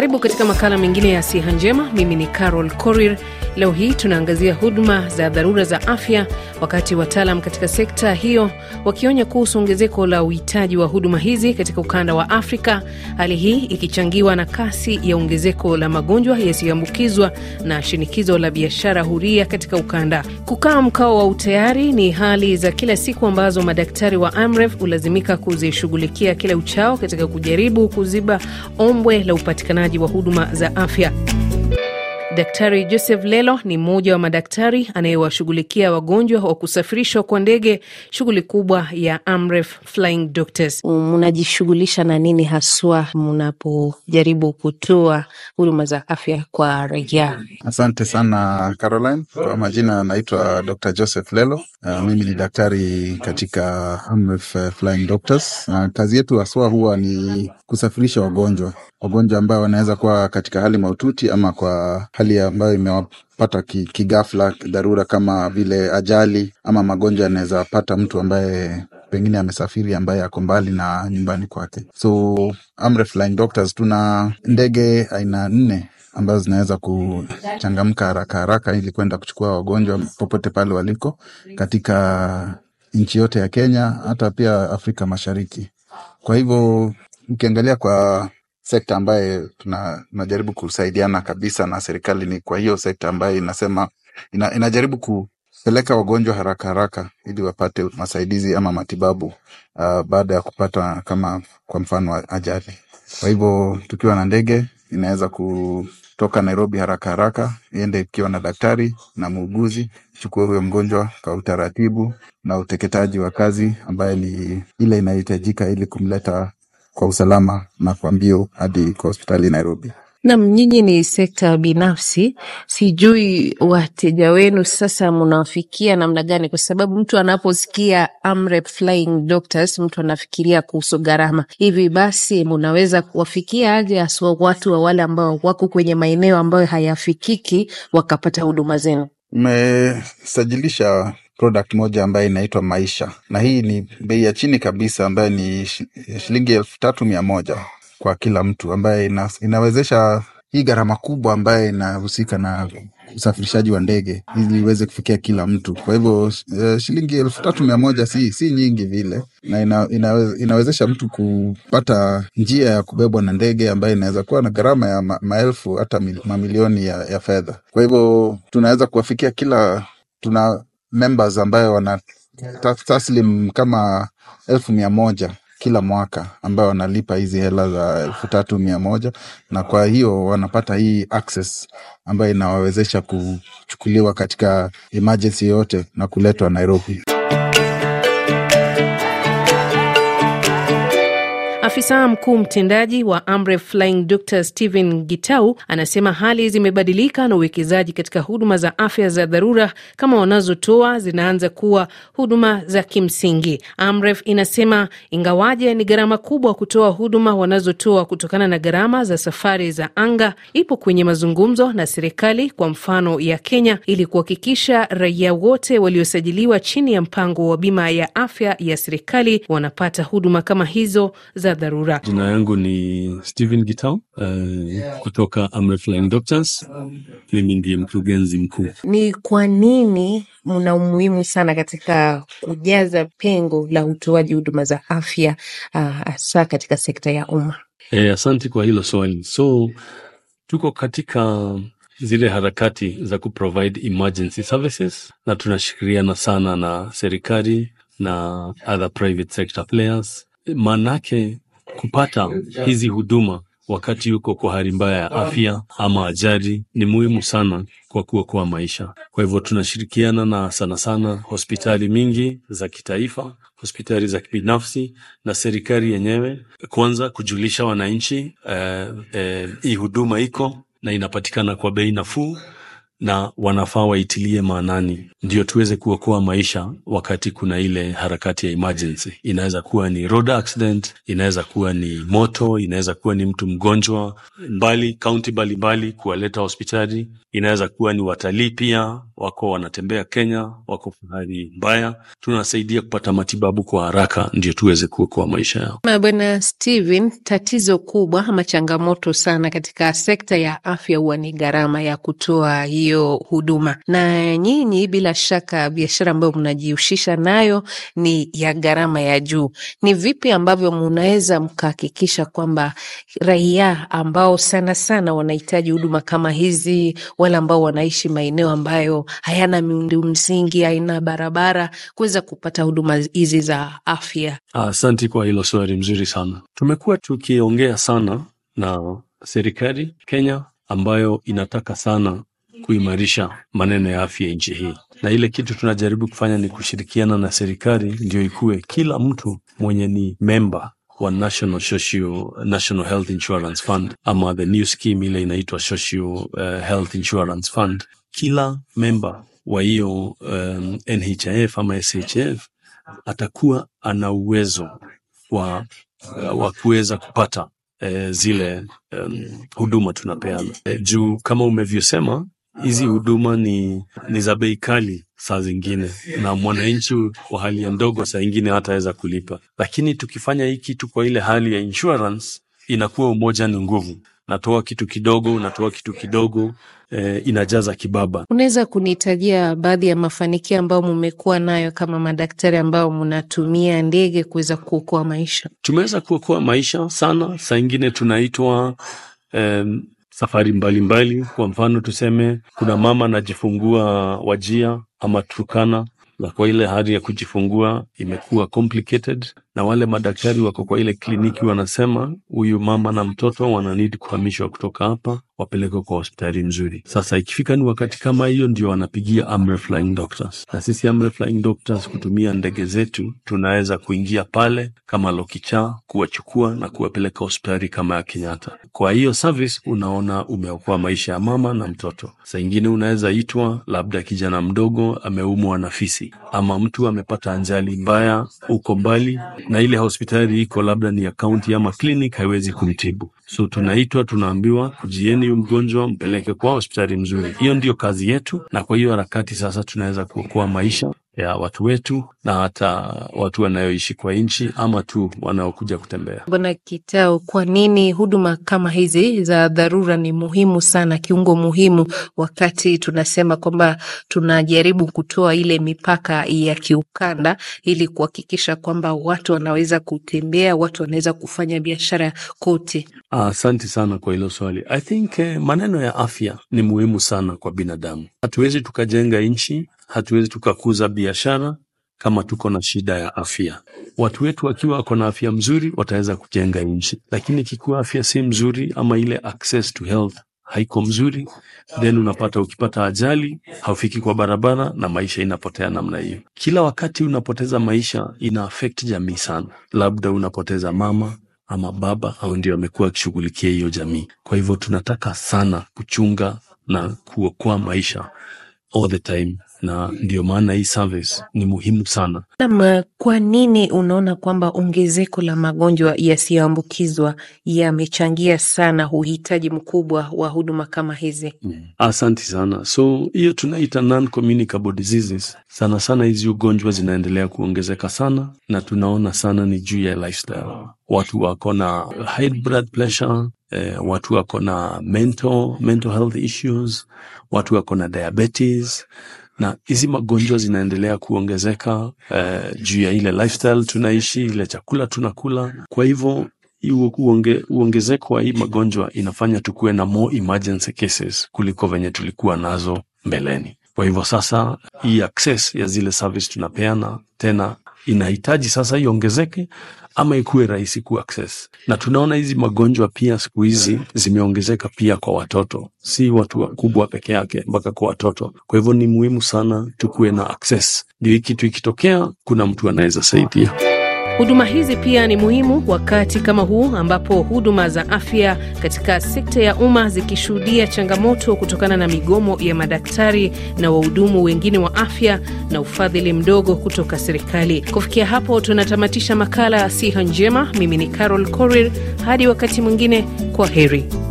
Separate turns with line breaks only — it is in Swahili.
Karibu katika makala mengine ya Siha Njema. Mimi ni Carol corir Leo hii tunaangazia huduma za dharura za afya, wakati wataalam katika sekta hiyo wakionya kuhusu ongezeko la uhitaji wa huduma hizi katika ukanda wa Afrika, hali hii ikichangiwa na kasi ya ongezeko la magonjwa yasiyoambukizwa na shinikizo la biashara huria katika ukanda. Kukaa mkao wa utayari ni hali za kila siku ambazo madaktari wa Amref hulazimika kuzishughulikia kila uchao katika kujaribu kuziba ombwe la upatikanaji wa huduma za afya. Daktari Joseph Lelo ni mmoja wa madaktari anayewashughulikia wagonjwa wa kusafirishwa kwa ndege, shughuli kubwa ya Amref Flying Doctors. Mnajishughulisha na nini haswa mnapojaribu kutoa huduma za afya kwa raia?
Asante sana Caroline. Kwa majina anaitwa Dr Joseph Lelo. Uh, mimi ni daktari katika Amref uh, Flying Doctors. Uh, kazi yetu haswa huwa ni kusafirisha wagonjwa, wagonjwa ambao wanaweza kuwa katika hali mahututi ama kwa hali hali ambayo imewapata kigafla dharura, kama vile ajali ama magonjwa yanaweza pata mtu ambaye pengine amesafiri ambaye ako mbali na nyumbani kwake. So Flying Doctors tuna ndege aina nne ambazo zinaweza kuchangamka haraka haraka ili kwenda kuchukua wagonjwa popote pale waliko katika nchi yote ya Kenya, hata pia Afrika Mashariki. Kwa hivyo ukiangalia kwa sekta ambaye tuna, tunajaribu kusaidiana kabisa na serikali ni kwa hiyo sekta ambaye inasema ina, inajaribu kupeleka wagonjwa haraka haraka ili wapate masaidizi ama matibabu uh, baada ya kupata kama kwa mfano ajali. Kwa hivyo tukiwa na ndege inaweza kutoka Nairobi haraka haraka iende ikiwa na daktari na muuguzi, chukua huyo mgonjwa kwa utaratibu na uteketaji wa kazi ambaye ni ile inahitajika ili kumleta kwa usalama na kwa mbio hadi kwa hospitali Nairobi.
Nam, nyinyi ni sekta binafsi, sijui wateja wenu sasa mnawafikia namna gani? Kwa sababu mtu anaposikia Amref Flying Doctors mtu anafikiria kuhusu gharama. Hivi basi mnaweza kuwafikia aje haswa watu wa wale ambao wako kwenye maeneo ambayo hayafikiki
wakapata huduma zenu? Tumesajilisha product moja ambayo inaitwa Maisha, na hii ni bei ya chini kabisa ambayo ni shilingi elfu tatu mia moja kwa kila mtu, ambaye ina, inawezesha hii gharama kubwa ambayo inahusika na usafirishaji wa ndege ili iweze kufikia kila mtu. Kwa hivyo eh, shilingi elfu tatu mia moja si, si nyingi vile, na ina, ina, inawezesha mtu kupata njia ya kubebwa na ndege ambayo inaweza kuwa na gharama ya ma, maelfu hata mamilioni ya, ya fedha. Kwa hivyo tunaweza kuwafikia kila tuna members ambayo wana taslim kama elfu mia moja kila mwaka ambayo wanalipa hizi hela za elfu tatu mia moja na kwa hiyo wanapata hii access ambayo inawawezesha kuchukuliwa katika emergency yoyote na kuletwa Nairobi.
Afisa mkuu mtendaji wa Amref Flying Dr Stephen Gitau anasema hali zimebadilika na uwekezaji katika huduma za afya za dharura kama wanazotoa zinaanza kuwa huduma za kimsingi. Amref inasema ingawaje ni gharama kubwa kutoa huduma wanazotoa kutokana na gharama za safari za anga, ipo kwenye mazungumzo na serikali, kwa mfano ya Kenya, ili kuhakikisha raia wote waliosajiliwa chini ya mpango wa bima ya afya ya serikali wanapata huduma kama hizo za dharura.
Jina yangu ni Steven Gitau, uh, yeah. kutoka Amref Doctors. Mimi ndiye mkurugenzi mkuu.
Ni kwa nini mna umuhimu sana katika kujaza pengo la utoaji huduma za afya uh, hasa uh, katika sekta ya umma?
Hey, eh, asante kwa hilo swali. So tuko katika zile harakati za kuprovide emergency services na tunashikiriana sana na serikali na other private sector players, maanake Kupata hizi huduma wakati yuko kwa hali mbaya ya afya ama ajali ni muhimu sana kwa kuokoa maisha. Kwa hivyo tunashirikiana na sana sana hospitali mingi za kitaifa, hospitali za kibinafsi na serikali yenyewe, kwanza kujulisha wananchi eh, eh, hii huduma iko na inapatikana kwa bei nafuu na wanafaa waitilie maanani, ndio tuweze kuokoa maisha wakati kuna ile harakati ya emergency. Inaweza kuwa ni road accident, inaweza kuwa ni moto, inaweza kuwa ni mtu mgonjwa mbali kaunti mbalimbali, kuwaleta hospitali. Inaweza kuwa ni watalii pia, wako wanatembea Kenya, wako fahari mbaya, tunasaidia kupata matibabu kwa haraka, ndio tuweze kuokoa maisha yao.
Bwana Steven, tatizo kubwa ama changamoto sana katika sekta ya afya huwa ni gharama ya kutoa hiyo hiyo huduma. Na nyinyi bila shaka, biashara ambayo mnajihusisha nayo ni ya gharama ya juu, ni vipi ambavyo mnaweza mkahakikisha kwamba raia ambao sana sana wanahitaji huduma kama hizi, wale ambao wanaishi maeneo ambayo hayana miundo msingi, haina barabara, kuweza kupata huduma hizi za afya?
Asante kwa hilo swali mzuri sana. Tumekuwa tukiongea sana na serikali Kenya ambayo inataka sana kuimarisha maneno ya afya nchi hii, na ile kitu tunajaribu kufanya ni kushirikiana na serikali ndio ikuwe kila mtu mwenye ni memba wa National Socio National Health Insurance Fund ama the new scheme ile inaitwa Socio uh, Health Insurance Fund, kila memba wa hiyo um, NHIF ama SHF atakuwa ana uwezo wa, wa kuweza kupata eh, zile um, huduma tunapeana eh, juu kama umevyosema hizi huduma ni, ni za bei kali saa zingine, na mwananchi wa hali ya ndogo saa ingine hataweza kulipa, lakini tukifanya hii kitu kwa ile hali ya insurance inakuwa umoja ni nguvu. Natoa kitu kidogo, unatoa kitu kidogo eh, inajaza kibaba.
Unaweza kunitajia baadhi ya mafanikio ambayo mmekuwa nayo kama madaktari ambao mnatumia ndege kuweza kuokoa maisha?
Tumeweza kuokoa maisha sana, saa ingine tunaitwa um, safari mbalimbali mbali. Kwa mfano tuseme kuna mama anajifungua Wajia ama Turkana, na kwa ile hali ya kujifungua imekuwa complicated na wale madaktari wako kwa ile kliniki wanasema huyu mama na mtoto wananidi kuhamishwa kutoka hapa wapelekwe kwa hospitali nzuri. Sasa ikifika ni wakati kama hiyo, ndio wanapigia Amri Flying Doctors, na sisi Amri Flying Doctors kutumia ndege zetu tunaweza kuingia pale kama Lokicha kuwachukua na kuwapeleka hospitali kama ya Kenyatta. Kwa hiyo service, unaona umeokoa maisha ya mama na mtoto. Saa ingine unaweza itwa labda kijana mdogo ameumwa na fisi ama mtu amepata ajali mbaya uko mbali na ile hospitali iko labda ni ya kaunti ama clinic haiwezi kumtibu. So tunaitwa tunaambiwa, kujieni huyu mgonjwa, mpeleke kwa hospitali mzuri. Hiyo ndio kazi yetu, na kwa hiyo harakati sasa tunaweza kuokoa maisha ya watu wetu na hata watu wanayoishi kwa nchi ama tu wanaokuja kutembea.
Bwana Kitao, kwa nini huduma kama hizi za dharura ni muhimu sana, kiungo muhimu, wakati tunasema kwamba tunajaribu kutoa ile mipaka ya kiukanda ili kuhakikisha kwamba watu wanaweza kutembea, watu wanaweza kufanya biashara kote?
Asante ah, sana kwa hilo swali. I think eh, maneno ya afya ni muhimu sana kwa binadamu. Hatuwezi tukajenga nchi hatuwezi tukakuza biashara kama tuko na shida ya afya. Watu wetu wakiwa wako na afya mzuri wataweza kujenga nchi, lakini ikiwa afya si mzuri ama ile access to health haiko mzuri, then unapata ukipata ajali haufiki kwa barabara na maisha inapotea namna hiyo. Kila wakati unapoteza maisha ina affect jamii sana, labda unapoteza mama ama baba, au ndio amekuwa akishughulikia hiyo jamii. Kwa hivyo tunataka sana kuchunga na kuokoa maisha all the time na ndiyo maana hii service ni muhimu sana.
Nam, eh, kwa nini unaona kwamba ongezeko la magonjwa yasiyoambukizwa yamechangia sana uhitaji mkubwa wa huduma kama hizi?
Mm. Asanti sana. So hiyo tunaita non-communicable diseases. Sana sana hizi ugonjwa zinaendelea kuongezeka sana, na tunaona sana ni juu ya lifestyle. Watu wako na high blood pressure Eh, watu wako na mental, mental health issues, watu wako na diabetes na hizi magonjwa zinaendelea kuongezeka uh, juu ya ile lifestyle tunaishi, ile chakula tunakula. Kwa hivyo uonge, uongezeko wa hii magonjwa inafanya tukuwe na more emergency cases kuliko venye tulikuwa nazo mbeleni. Kwa hivyo sasa hii access ya zile service tunapeana tena inahitaji sasa iongezeke ama ikuwe rahisi ku access. Na tunaona hizi magonjwa pia siku hizi zimeongezeka pia kwa watoto, si watu wakubwa peke yake, mpaka kwa watoto. Kwa hivyo ni muhimu sana tukuwe na access, ndio hii kitu ikitokea, kuna mtu anaweza saidia.
Huduma hizi pia ni muhimu wakati kama huu ambapo huduma za afya katika sekta ya umma zikishuhudia changamoto kutokana na migomo ya madaktari na wahudumu wengine wa afya na ufadhili mdogo kutoka serikali. Kufikia hapo, tunatamatisha makala ya Siha Njema. Mimi ni Carol Korir, hadi wakati
mwingine, kwa heri.